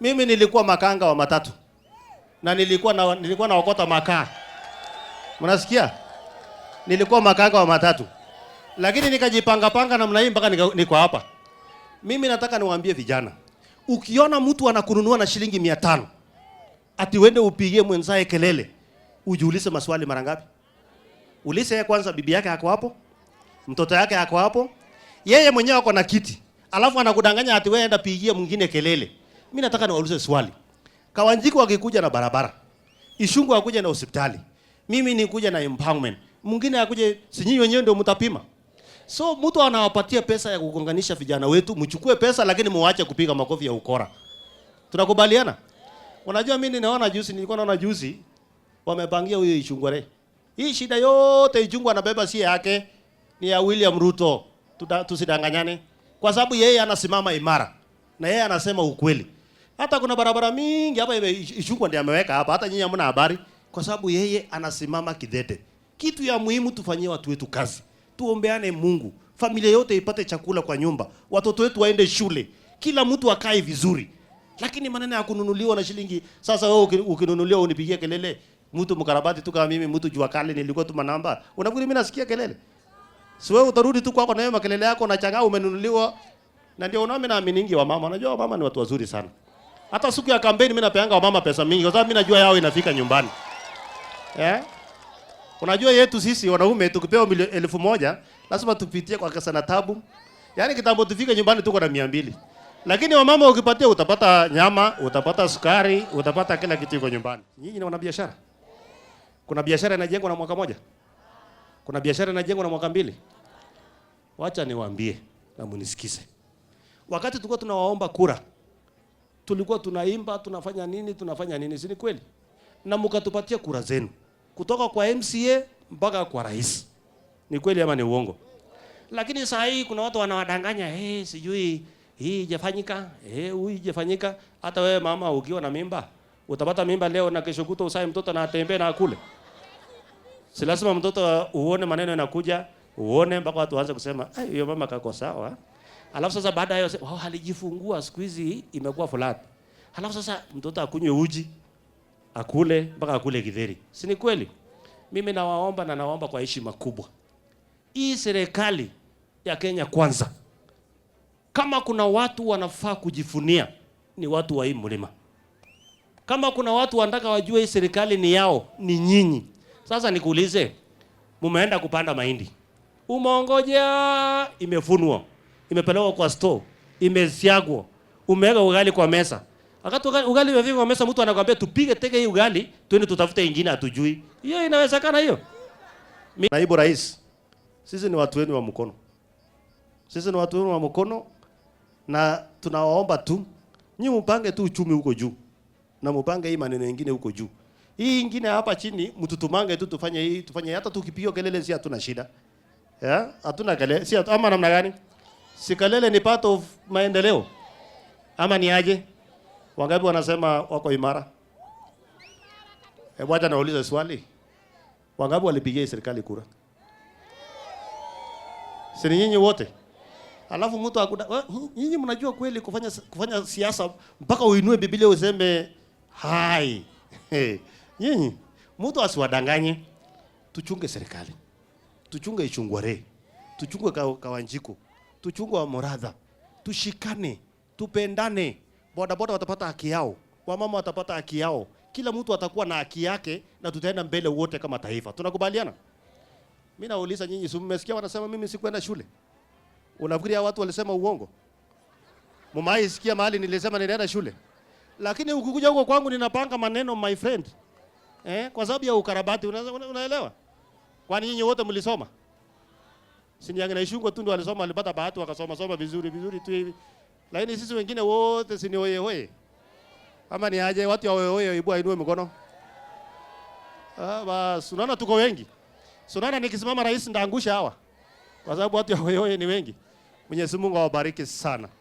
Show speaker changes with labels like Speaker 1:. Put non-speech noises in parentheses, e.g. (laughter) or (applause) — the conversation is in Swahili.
Speaker 1: Mimi nilikuwa makanga wa matatu na nilikuwa na, nilikuwa na naokota makaa. Mnasikia? Nilikuwa makanga wa matatu, lakini nikajipanga panga namna hii mpaka niko hapa. Mimi nataka niwaambie vijana, ukiona mtu anakununua na shilingi mia tano ati wende upigie mwenzae kelele, ujiulize maswali mara ngapi? Ulize yeye kwanza, bibi yake ako hapo, mtoto yake ako hapo, yeye mwenyewe ako na kiti, alafu anakudanganya ati wewe enda pigie mwingine kelele. Mimi nataka niwaulize swali. kawanjiko akikuja na barabara, Ishungu akuja na hospitali, mimi nikuja na empowerment, mwingine akuje, si nyinyi wenyewe ndio mtapima? So mtu anawapatia pesa ya kugonganisha vijana wetu, mchukue pesa lakini muache kupiga makofi ya ukora. Tunakubaliana? Unajua mimi ninaona juzi, nilikuwa naona juzi wamepangia huyo Ichungware. Hii shida yote Ichungwa anabeba si yake, ni ya William Ruto. Tusidanganyane, kwa sababu yeye anasimama imara na yeye anasema ukweli. Hata kuna barabara mingi hapa Icungwa ndiye ameweka hapa, hata nyinyi hamna habari, kwa sababu yeye anasimama kidete. Kitu ya muhimu tufanyie watu wetu kazi, tuombeane Mungu, familia yote ipate chakula kwa nyumba, watoto wetu waende shule, kila mtu akae vizuri. Lakini maneno ya kununuliwa na shilingi. Sasa wewe ukinunuliwa unipigie kelele, mtu mkarabati tu kama mimi, mtu jua kale nilikuwa tu manamba, unafikiri mimi nasikia kelele? Si wewe utarudi tu kwako na wewe makelele yako, unachangaa umenunuliwa. Na ndio unaona mimi naamini ingi wa mama, unajua wa mama ni watu wazuri sana. Hata siku ya kampeni mimi napeanga wamama pesa mingi kwa sababu mimi najua yao inafika nyumbani. Yeah? Unajua yetu sisi wanaume tukipewa elfu moja lazima tupitie kwa kasa na tabu. Yaani kitambo tufike nyumbani tuko na mia mbili. Lakini wamama ukipatia utapata nyama, utapata sukari, utapata kila kitu iko nyumbani. Nyinyi ni wanabiashara. Kuna biashara inajengwa na mwaka moja? Kuna biashara inajengwa na mwaka mbili? Wacha niwaambie na munisikize. Wakati tulikuwa tunawaomba kura tulikuwa tunaimba tunafanya nini tunafanya nini, si ni kweli? Na mkatupatia kura zenu kutoka kwa MCA mpaka kwa rais, ni kweli ama ni uongo? Lakini saa hii kuna watu wanawadanganya, hey, eh, sijui hii ijafanyika, eh, huyu ijafanyika. Hata wewe mama ukiwa na mimba utapata mimba leo na kesho kuto usai mtoto na atembee na akule, si lazima mtoto uone maneno yanakuja uone mpaka watu waanze kusema hiyo mama kako sawa. Alafu sasa baada ya wao halijifungua siku hizi imekuwa fulani. Alafu sasa mtoto akunywe uji, akule mpaka akule githeri. Si ni kweli? Mimi nawaomba na nawaomba kwa heshima kubwa. Hii serikali ya Kenya kwanza. Kama kuna watu wanafaa kujifunia ni watu wa hii mlima. Kama kuna watu wanataka wajue hii serikali ni yao, ni nyinyi. Sasa nikuulize, mumeenda kupanda mahindi, Umeongoja imefunwa imepelekwa kwa store, imesiagwa, umeweka ugali kwa mesa. Wakati ugali umefika kwa mesa, mtu anakuambia tupige teke hii ugali, twende tutafute ingine, hatujui. Hiyo inawezekana hiyo? Naibu Rais, sisi ni watu wenu wa mkono, sisi ni watu wenu wa mkono, na tunawaomba tu nyinyi mpange tu uchumi huko juu na mpange hii maneno mengine huko juu. Hii nyingine hapa chini mtutumange tu tufanye hii tufanye, hata tukipiga kelele si hatuna shida. Yeah? Hatuna kelele si ama namna gani? Sikalele ni part of maendeleo ama ni aje? Wangapi wanasema wako imara? Hebu acha naulize swali. Wangapi walipigia serikali kura? Si nyinyi wote? Alafu mtu hakuda. Nyinyi mnajua kweli kufanya kufanya siasa mpaka uinue Biblia useme hai. (laughs) Nyinyi mtu asiwadanganye. Tuchunge serikali. Tuchunge Ichungware. Tuchunge Kawanjiko tuchunge wa moradha, tushikane, tupendane. Bodaboda watapata haki yao, wamama watapata haki yao, kila mtu atakuwa na haki yake, na tutaenda mbele wote kama taifa. Tunakubaliana? Mimi nauliza nyinyi, si mmesikia wanasema mimi sikuenda shule? Unafikiri watu walisema uongo? Mumai sikia mahali nilisema nilienda shule, lakini ukikuja huko kwangu ninapanga maneno my friend, eh, kwa sababu ya ukarabati. Unaelewa? Kwani nyinyi wote mlisoma? Siniange na ishungo tu ndo alisoma, alipata bahati wakasoma soma vizuri vizuri tu hivi. Lakini sisi wengine wote si ni oye oye. Ama ni aje watu wa oye oye ibua inue mkono. Ah, basi unaona tuko wengi. Sunana nikisimama rais ndaangusha hawa. Kwa sababu watu wa oye oye ni wengi. Mwenyezi Mungu awabariki sana.